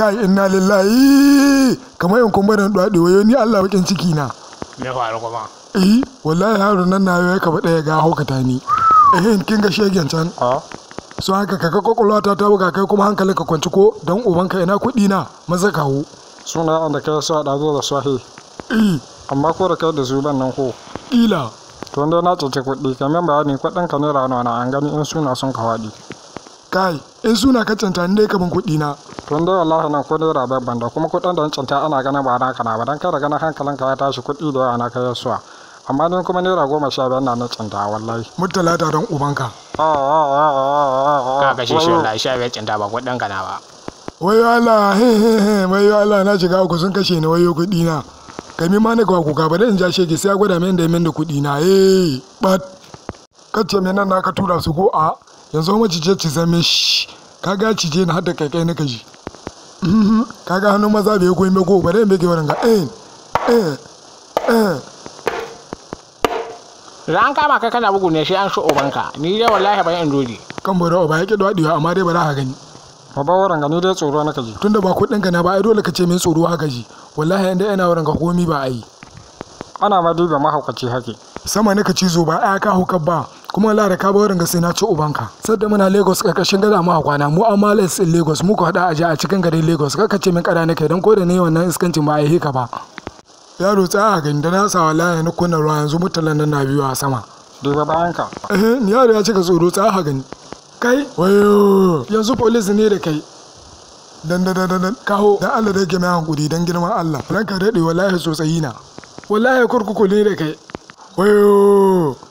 kai inna lillahi kamar in kun barin wayo ni Allah bakin ciki na me faru kuma eh wallahi yaron nan na yayi ka bada ya ga haukata ni eh kin ga shegen can so haka kaka kokolwa ta buga kai kuma hankalin ka kwanci ko dan ubanka ina kuɗi na maza kawo suna an da ka sa da zo da sahi eh. amma ko da kai da zuban nan ko ila to dai na cece kuɗi kamar bayani kuɗin ka naira nawa na an gani in suna sun ka waɗi kai in suna ka canta ne dai kaman kuɗi na tun dai wallahi nan ko naira babban da kuma kuɗin da cinta ana ganin ba naka na ba dan kada ganin hankalinka ya tashi kuɗi da yawa na kai yasuwa amma ni kuma naira goma sha biyar na nan cinta wallahi mutala da don ubanka ah, ah, ah, ka kashe shi wallahi sha biyar cinta ba kuɗin ka na ba wai wala he he he wai Allah na shiga ku sun kashe ni wayo kuɗi na kai ma na ga ku ga bare in ja shege sai ya gwada min da min da kuɗi na eh bat kace me nan naka tura su ko a yanzu mace ce ci zame shi kaga cije na hada kai kai na kaji kaga hannun maza bai goyi mai gobe da mai wurin ga eh, eh, eh. da an kama kai kana bugu ne sai an so ka. ni dai wallahi ba yan Kan kan bari ba ya da dadiwa amma dai ba za ka gani baba wurin ga ni dai tsoro na kaji tunda ba kuɗin ka na ba ai dole ka ce min tsoro haka ji wallahi inda yana wurin ga komi ba ai ana ma duba mahaukaci hake sama naka cizo ba ya ka hukar ba kuma Allah da ka ba wurin sai na ci ubanka sadda muna lagos karkashin gada mu a kwana mu amma les in lagos mu ku hada a a cikin garin lagos ka ce min kada nake dan ko da ne wannan iskancin ba a yi ka ba yaro tsaya gani da na sa wallahi na kunna ruwa yanzu mutalan nan na biyu a sama duba bayan ka eh yaro ya cika tsoro tsaya gani kai wayo yanzu police ne da kai dan dan dan kaho dan Allah da ke mai hankuri dan girman Allah ranka dade wallahi sosai na wallahi kurkuku ne da kai お呦！